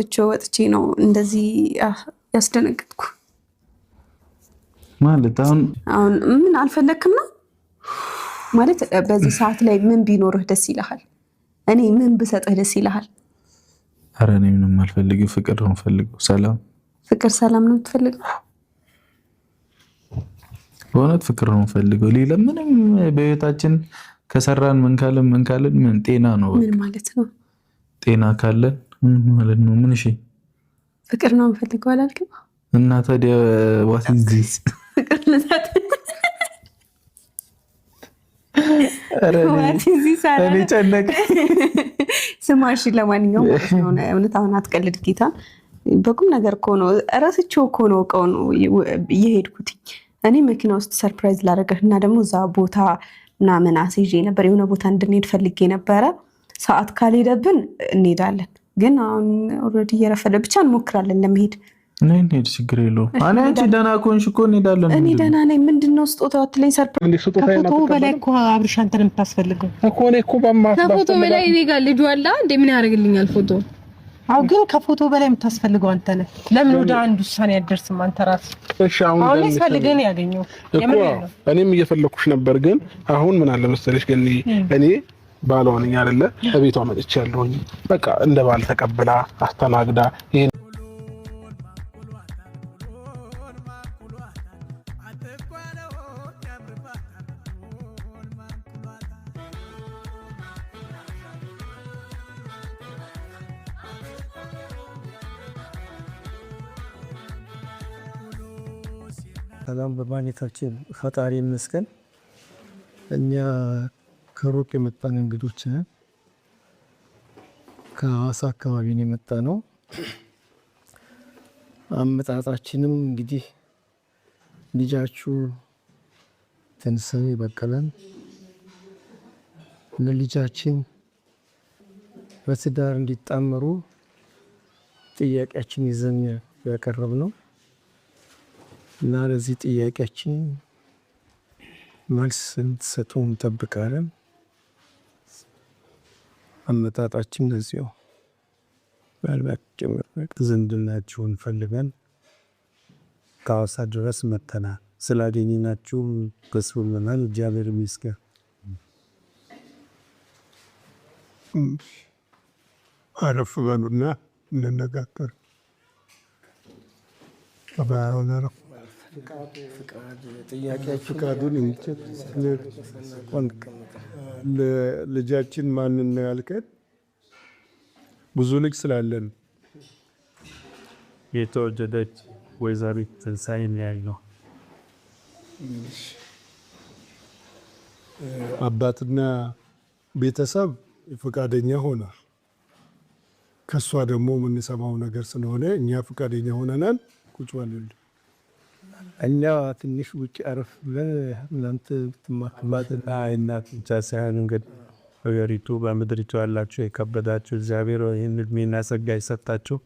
ትቼው ወጥቼ ነው እንደዚህ ያስደነገጥኩ። ማለት አሁን አሁን ምን አልፈለክም ነው ማለት በዚህ ሰዓት ላይ ምን ቢኖርህ ደስ ይልሃል? እኔ ምን ብሰጥህ ደስ ይልሃል? ኧረ እኔ ምንም አልፈልግም። ፍቅር ነው ፈልገው። ሰላም ፍቅር፣ ሰላም ነው የምትፈልገው። በእውነት ፍቅር ነው ፈልገው። ሌላ ምንም በህይወታችን ከሰራን ምን ካለን ምን ካለን ምን ጤና ነው። ምን ማለት ነው ጤና ካለን ምን ማለት ነው? ምን እሺ፣ ፍቅር ነው የምፈልገው አላልክም? እና ታዲያ ዋት ኢዝ ዚስ ፍቅር ልታት ጨነቅ ስማሽ። ለማንኛውም እውነት አሁን አትቀልድ ጌታ፣ በቁም ነገር እኮ ነው። እረስቼው እኮ ነው እቃው ነው እየሄድኩትኝ እኔ መኪና ውስጥ ሰርፕራይዝ ላደረገሽ እና ደግሞ እዛ ቦታ ምናምን አስይዤ ነበር። የሆነ ቦታ እንድንሄድ ፈልጌ ነበረ። ሰዓት ካልሄደብን እንሄዳለን። ግን አሁን ኦልሬዲ እየረፈደ ብቻ እንሞክራለን ለመሄድ እንሄድ ችግር የለውም። እኔ አንቺ ደህና ከሆንሽ እኮ እንሄዳለን። እኔ ደህና ነኝ። ምንድን ነው ስጦታ አትለኝ? ሰርፕራይዝ ከፎቶ በላይ እኮ አብርሽ አንተን የምታስፈልገው ከፎቶ በላይ እኔ ጋር ልጁ አለ እንደ ምን ያደርግልኛል ፎቶ። አዎ ግን ከፎቶ በላይ የምታስፈልገው አንተ ነህ። ለምን ወደ አንድ ውሳኔ አደርስም? አንተ ራስህ አሁን ያስፈልገህ ነው ያገኘው። እኔም እየፈለኩሽ ነበር፣ ግን አሁን ምን አለ መሰለሽ ግን እኔ ባሏን እኛ አይደለ ከቤቷ መጥቼ ያለሁኝ በቃ እንደ ባል ተቀብላ አስተናግዳ ይሄን ሰላም በማግኘታችን ፈጣሪ ይመስገን። እኛ ከሩቅ የመጣን እንግዶች ከሀዋሳ አካባቢ ነው የመጣ ነው። አመጣጣችንም እንግዲህ ልጃችሁ ትንሳኤ በቀለን ለልጃችን በትዳር እንዲጣመሩ ጥያቄያችን ይዘን ያቀረብ ነው እና ለዚህ ጥያቄያችን መልስ እንድትሰጡ እንጠብቃለን። አመጣጣችን ለዚሁ ምናልባት ጭምር ዝምድናችሁን ፈልገን ከሐዋሳ ድረስ መጥተናል። ስላገኘናችሁ ደስ ብሎናል። እግዚአብሔር ይመስገን። አረፍ በሉና እንነጋገር። ፍቃዱን ልጃችን ማንን ያልከን? ብዙ ልጅ ስላለን የተወደደች ወይዘሪት ትንሳኤ ያይ ነው። አባትና ቤተሰብ ፈቃደኛ ሆነ። ከእሷ ደግሞ የምንሰማው ነገር ስለሆነ እኛ ፈቃደኛ ሆነናል። ቁጭ እኛ ትንሽ ውጭ አረፍ ብለን እናንተ ብትማክማት እናት ብቻ ሳይሆን እንግዲህ ሀገሪቱ በምድሪቱ ያላችሁ የከበዳችሁ እግዚአብሔር ይህን እድሜና ጸጋ የሰጣችሁ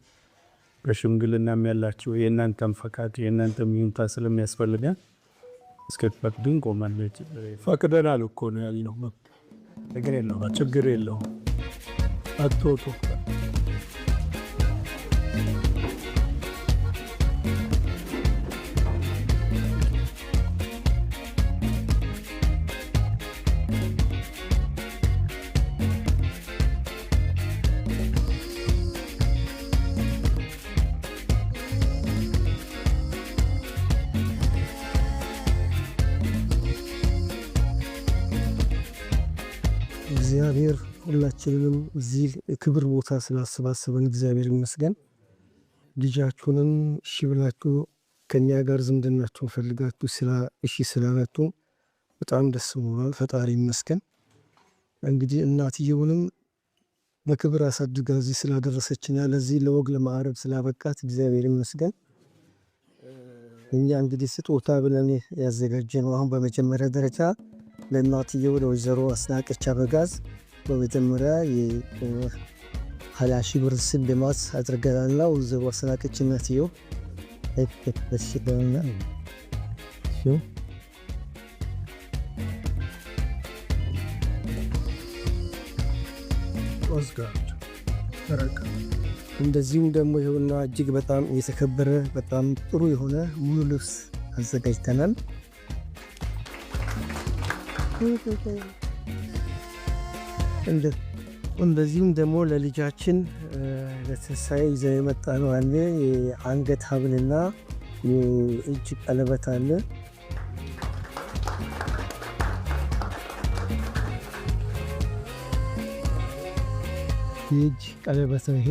በሽምግልናም ያላችሁ የእናንተም ፈቃድ የእናንተም ይሁንታ ስለሚያስፈልጋል እስከፈቅድን ቆመን ፈቅደናል እኮ ነው ያልነው። ችግር የለውም ችግር የለውም አትወጡ እግዚአብሔር ሁላችንንም እዚህ ክብር ቦታ ስላሰባሰበን እግዚአብሔር ይመስገን። ልጃችሁንም እሺ ብላችሁ ከኛ ጋር ዝምድናችሁን ፈልጋችሁ እሺ ስላላችሁ በጣም ደስ ብሏል። ፈጣሪ ይመስገን። እንግዲህ እናትየውንም በክብር አሳድጋ እዚህ ስላደረሰችና ለዚህ ለወግ ለማዕረግ ስላበቃት እግዚአብሔር ይመስገን። እኛ እንግዲህ ስጦታ ብለን ያዘጋጀ ነው አሁን በመጀመሪያ ደረጃ للناطيو لو يزرو أثناء كرشابة غاز بمتمرة هلا شي برسم بماس أترقلان لا وزرو أثناء كرشابة ناطيو بس شو እንደዚሁም ደግሞ ይሄውና እጅግ በጣም የተከበረ በጣም ጥሩ የሆነ ሙሉ ልብስ አዘጋጅተናል። እንደዚሁም ደግሞ ለልጃችን ለትንሳኤ ይዘ የመጣ ነው አለ። የአንገት ሀብልና የእጅ ቀለበት አለ። የእጅ ቀለበት ነው ይሄ።